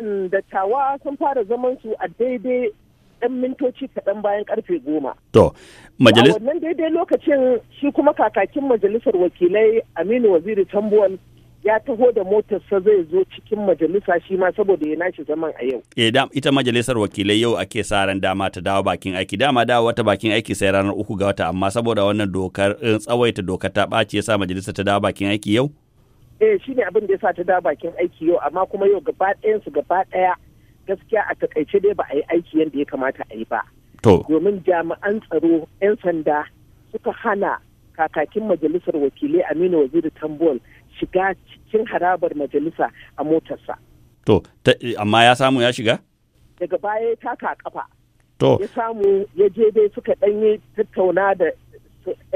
da dattawa sun fara zaman su a daidai ɗan mintoci kaɗan bayan karfe goma. To, majalisar. wannan daidai lokacin shi kuma kakakin majalisar wakilai Aminu Waziri Tambuwal ya taho da motarsa zai zo cikin majalisa shi ma saboda ya nashi zaman a yau. e ita majalisar wakilai yau ake sa ran dama ta dawo bakin aiki dama dawo wata bakin aiki sai ranar uku ga wata amma saboda wannan dokar eh, tsawaita dokar ta ɓaci ya sa majalisar ta dawo bakin aiki yau. eh shi ne abin da ya sa ta da bakin aiki yau amma kuma yau gaba ɗayansu gaba ɗaya gaskiya a takaice dai ba a yi aiki yadda ya kamata a yi ba. Domin jami'an tsaro 'yan sanda suka hana kakakin majalisar wakilai Aminu Waziri Tambol shiga cikin harabar majalisa a motarsa. To, amma ya samu ya shiga? Daga baya ya taka kafa. To. Ya samu ya je dai suka ɗanyi tattauna da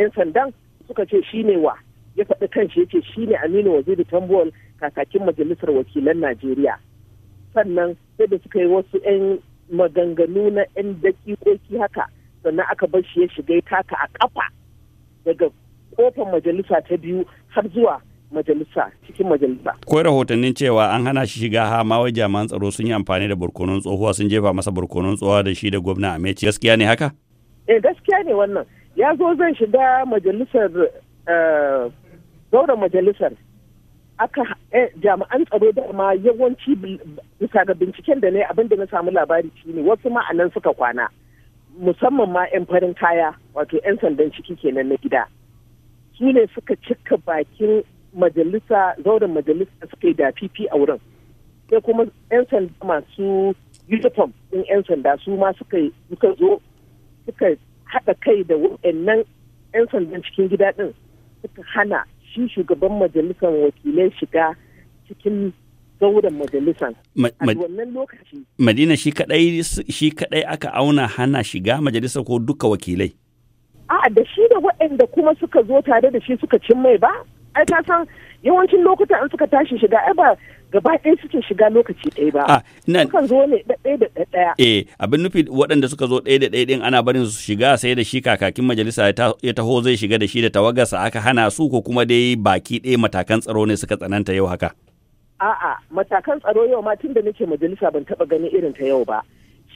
'yan sandan suka ce shi ne wa. ya faɗi kanshi yake shi ne aminu waziri tambuwal kakakin majalisar wakilan najeriya sannan sai da suka yi wasu 'yan maganganu na 'yan dakikoki haka sannan aka bar shi ya shiga taka a kafa daga kofar majalisa ta biyu har zuwa majalisa cikin majalisa. Akwai rahotannin cewa an hana shi shiga ha ma wai jami'an tsaro sun yi amfani da barkonon tsohuwa sun jefa masa barkonon tsohuwa da shi da gwamna Amechi gaskiya ne haka? Eh gaskiya ne wannan ya zo zan shiga majalisar eh, zauren majalisar aka eh, jami'an tsaro da ma yawanci bisa ga binciken da ne abinda na samu labari ne wasu ma nan suka kwana musamman ma 'yan farin kaya wato 'yan sandan ciki kenan na gida su ne suka cika bakin majalisa zauren majalisa suka yi da fifi a wurin sai kuma 'yan sanda masu uniform din 'yan sanda su ma suka zo suka haɗa kai da waɗannan 'yan sandan cikin gida din suka hana shi shugaban majalisar wakilai shiga cikin zauren majalisar. A wannan lokaci. Madina shi kadai shi kadai aka auna hana shiga majalisar ko duka wakilai. A da shi da waɗanda kuma suka zo tare da shi suka cin mai ba? Ai ta san yawancin lokuta an suka tashi shiga ai ba gaba ɗaya suke shiga lokaci ɗaya ba. Ah, nan. Sukan zo ne ɗaya da ɗaya. Eh, abin nufi waɗanda suka zo ɗaya da ɗaya ɗin ana barin su shiga sai da shi kakakin majalisa ya taho zai shiga da shi da tawagarsa aka hana su ko kuma dai baki ɗaya matakan tsaro ne suka tsananta yau haka. A'a, matakan tsaro yau ma tun da nake majalisa ban taɓa gani irin ta yau ba.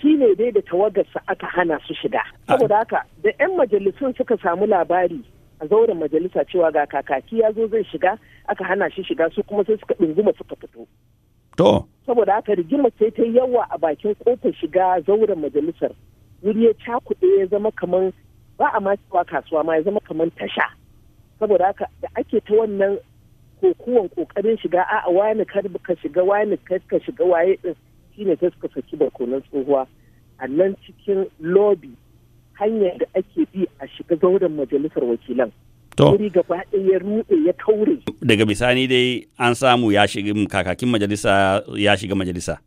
Shi ne dai da tawagarsa aka hana su shiga. Ah. Saboda haka da 'yan majalisun suka samu labari a zauren majalisa cewa ga kakaki ya zo zai shiga aka hana shi shiga su kuma sai suka ɗunguma suka fito. To. Saboda haka rigima sai ta yawa a bakin kofar shiga zauren majalisar. Wuri ya cakuɗe ya zama kamar ba a ma cewa kasuwa ma ya zama kamar tasha. Saboda haka da ake ta wannan kokuwan kokarin shiga a wani kar ka shiga wani kar ka shiga waye din shine sai suka saki barkonon tsohuwa a nan cikin lobby hanyar da ake bi a shiga zauren majalisar wakilan To. Wuri gaba ya ruɗe ya taure. Daga bisani dai an samu ya shiga kakakin majalisa ya shiga majalisa.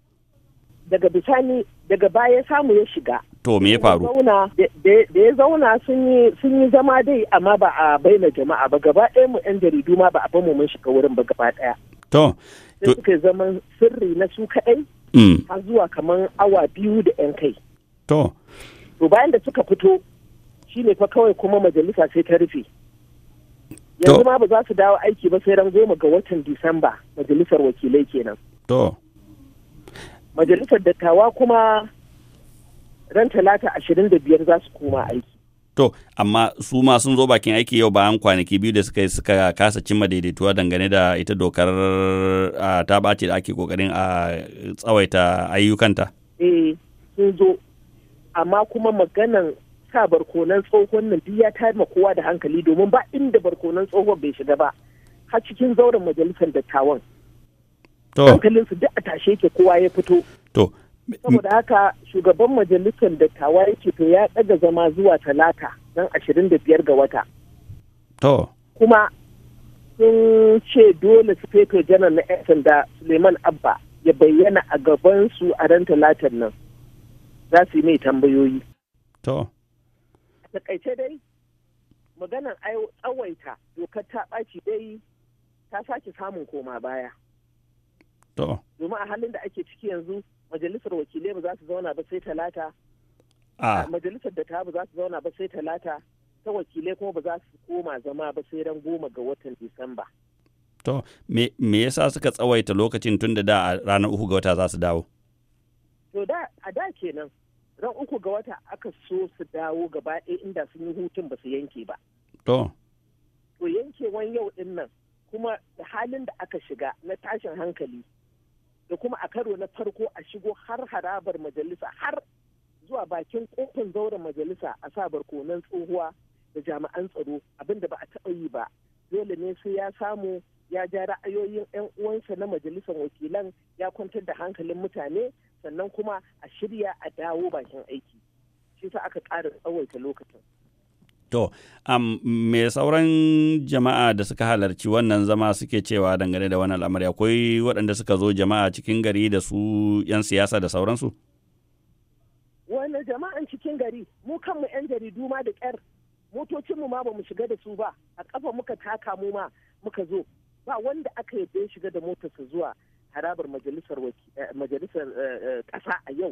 Daga bisani daga baya samu ya shiga. To me ya faru? Da ya zauna sun yi zama dai amma ba a baina jama'a ba gaba ɗaya mu 'yan jaridu ma ba a bamu mun shiga wurin ba gaba ɗaya. To. Sai suka zaman sirri na su kaɗai. Mm. Har zuwa kamar awa biyu da 'yan kai. To. to bayan da suka fito shi ne fa kawai kuma majalisa sai ta rufe yanzu ma ba za su dawo aiki ba sai ran goma ga watan disamba majalisar wakilai kenan to majalisar dattawa kuma ran talata ashirin da biyar za su koma aiki to amma su ma sun zo bakin aiki yau bayan kwanaki biyu da suka suka kasa cimma daidaituwa dangane da ita dokar ta ɓace da ake kokarin a tsawaita ayyukanta eh sun zo amma kuma maganan sa barkonan tsohon nan duk ya tayar kowa da hankali domin ba inda barkonan tsohon bai shiga ba har cikin zauren majalisar dattawan hankalinsu duk a tashe ke kowa ya fito saboda haka shugaban majalisar dattawa yake to ya ɗaga zama zuwa talata don ashirin da biyar ga wata kuma sun ce dole su fetur janar na 'yan sanda suleiman abba ya bayyana a gaban su a ran talatar nan za su yi mai tambayoyi. To. Takaice dai, maganar tsawaita dokar ta ɓaci dai ta sake samun koma baya. To. Domin a halin da ake ciki yanzu majalisar wakilai ba za su zauna ba sai talata. A. Majalisar da ta ba za su zauna ba sai talata. Ta wakilai kuma ba za su koma zama ba sai ran goma ga watan Disamba. To, me yasa suka tsawaita lokacin tun da da ranar uku ga wata za su dawo? to da a da kenan ran uku ga wata aka so su dawo gaba ɗaya inda sun yi hutun ba su yanke ba to to yankewan yau din nan kuma halin da aka shiga na tashin hankali da kuma a karo na farko a shigo har harabar majalisa har zuwa bakin kofin zauren majalisa a sa barkonan tsohuwa da jami'an tsaro abin da ba a taɓa yi ba dole ne sai ya samu ya ja ra'ayoyin 'yan uwansa na majalisar wakilan ya kwantar da hankalin mutane sannan kuma a shirya a dawo bakin aiki shi sa aka ƙara tsawaita lokacin To, um, me sauran jama'a da suka halarci wannan zama suke cewa dangane da wannan al'amari akwai waɗanda suka zo jama'a cikin gari da su 'yan siyasa da sauransu? Wani jama'an cikin gari, mu kanmu 'yan jaridu ma da ƙyar motocinmu ma ba mu shiga da su ba, a ƙafa muka taka mu ma muka zo, ba wanda aka yadda ya shiga da motarsa zuwa harabar majalisar eh, majalisar eh, eh, ƙasa a yau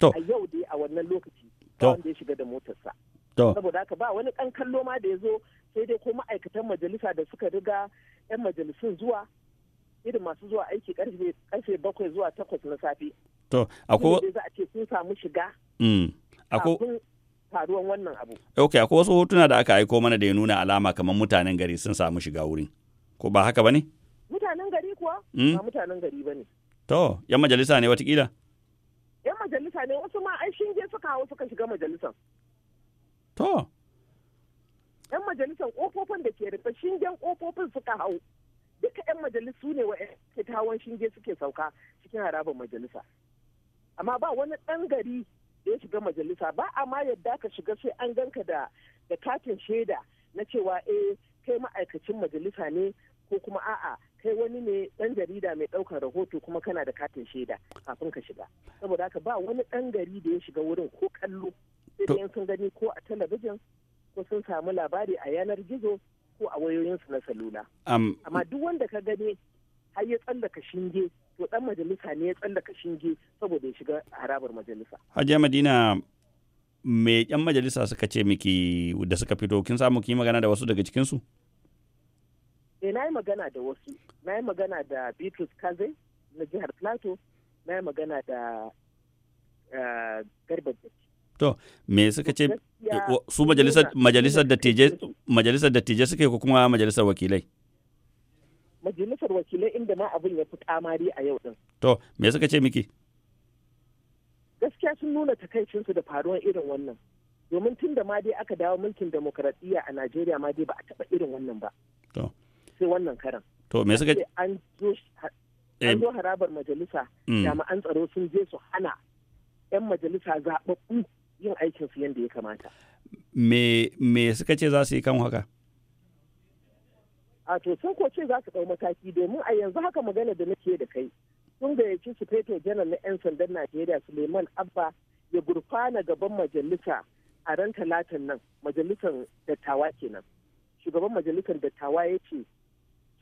a yau dai a wannan lokaci wanda ya shiga da motarsa saboda haka ba wani ɗan kallo ma da ya zo sai dai ko ma'aikatan majalisa da suka riga 'yan majalisun zuwa irin masu zuwa aiki karfe bakwai zuwa takwas na safe to akwai za a ce sun samu shiga mm. akwai faruwan wannan abu ok akwai wasu hotuna da aka aiko mana da ya nuna alama kamar mutanen gari sun samu shiga wurin ko ba haka ba ne mutanen gari kuwa hmm? ba mutanen gari ba ne. To, ‘yan majalisa ne watakila? ‘Yan majalisa ne wasu ma ai shinge suka hau suka shiga majalisan. To. ‘Yan majalisan ƙofofin da ke rufe shingen ƙofofin suka hau. Duka ‘yan majalisu ne wa ke tawon shinge suke sauka cikin harabar majalisa. Amma ba wani ɗan gari da ya shiga majalisa ba a ma yadda ka shiga sai an ganka da da katin shaida na cewa eh kai ma'aikacin majalisa ne ko kuma a'a kai wani ne dan jarida mai daukar rahoto kuma kana da katin shaida kafin ka shiga saboda haka ba wani dan gari da ya shiga wurin ko kallo sai sun gani ko a talabijin ko sun samu labari a yanar gizo ko a wayoyinsu na salula amma duk wanda ka gani har ya tsallaka shinge to dan majalisa ne ya tsallaka shinge saboda ya shiga harabar majalisa hajiya madina me yan majalisa suka ce miki da suka fito kin samu kin magana da wasu daga cikinsu? su eh na yi magana da wasu na yi magana da Beatles kaze na jihar plateau na yi magana da eh, garba to me suka ce su majalisar dattijai suke ko kuma majalisar wakilai majalisar wakilai inda ma abin ya fi kamari a yau din to me suka ce miki gaskiya sun nuna takaicinsu da faruwar irin wannan domin tun da ma dai aka dawo mulkin demokradiyya a najeriya ma dai ba a taɓa irin wannan ba sai wannan karan to me suka an zo eh. an zo harabar majalisa mm. jami'an tsaro sun je su hana yan majalisa zaɓaɓɓu yin aikin su yadda ya kamata me me suka ce za su yi kan haka a to sun ko ce za su ɗau mataki domin a yanzu haka magana da nake da kai sun gayyaci su feto janar na 'yan sandan najeriya suleiman abba ya gurfana gaban majalisa a ran talatin nan majalisar dattawa kenan shugaban majalisar dattawa ya ce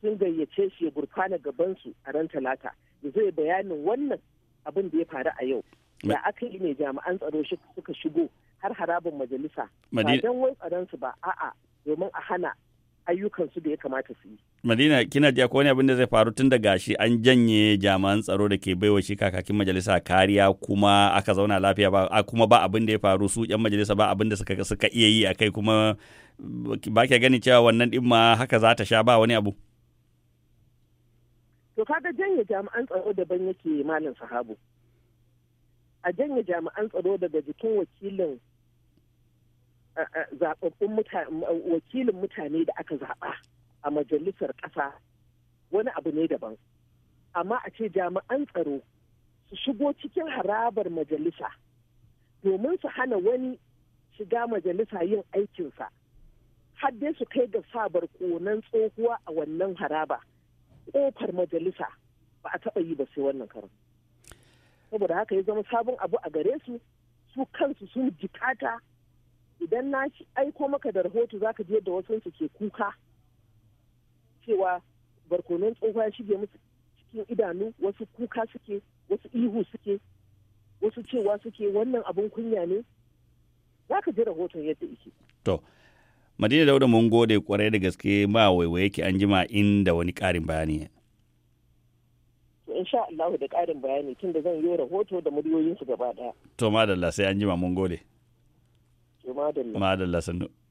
sun gayyace shi ya gurfana gabansu a ran talata da zai bayanin wannan abin da ya faru a yau da aka yi ne jami'an tsaro suka shigo har harabin majalisa ba don wai tsaronsu ba a'a domin a hana ayyukansu da ya kamata su yi. Madina kina ji akwai wani abin da zai faru tun da gashi an janye jami'an tsaro da ke baiwa shi kakakin majalisa kariya kuma aka zauna lafiya ba kuma ba abin da ya faru su yan majalisa ba abin da suka suka iya yi akai kuma ba ke ganin cewa wannan din ma haka za ta sha ba wani abu. to kaga janye jami'an tsaro daban yake malam sahabu a janye jami'an tsaro daga jikin wakilin zaɓaɓɓun wakilin mutane da aka zaɓa a majalisar ƙasa wani abu ne daban amma a ce jami'an tsaro su shigo cikin harabar majalisa domin su hana wani shiga majalisa yin aikinsa har dai su kai ga sabar konan tsohuwa a wannan haraba kofar majalisa ba a taɓa yi ba sai wannan karin saboda haka ya zama sabon abu a gare su su kansu sun jikata idan na aiko maka da rahoto zaka ji yadda wasu ke kuka cewa barkonon tsohuwa shige musu cikin idanu wasu kuka suke wasu ihu suke wasu cewa suke wannan abun kunya ne za ka ji rahoton yadda yake to Madina Dauda mun gode kwarai da gaske ba waiwaye ki an jima inda wani ƙarin bayani. Insha Allah da ƙarin bayani da zan yi rahoto da muryoyinsu gaba ɗaya. To madalla sai an jima mun gode. Madalla. Madalla sannu.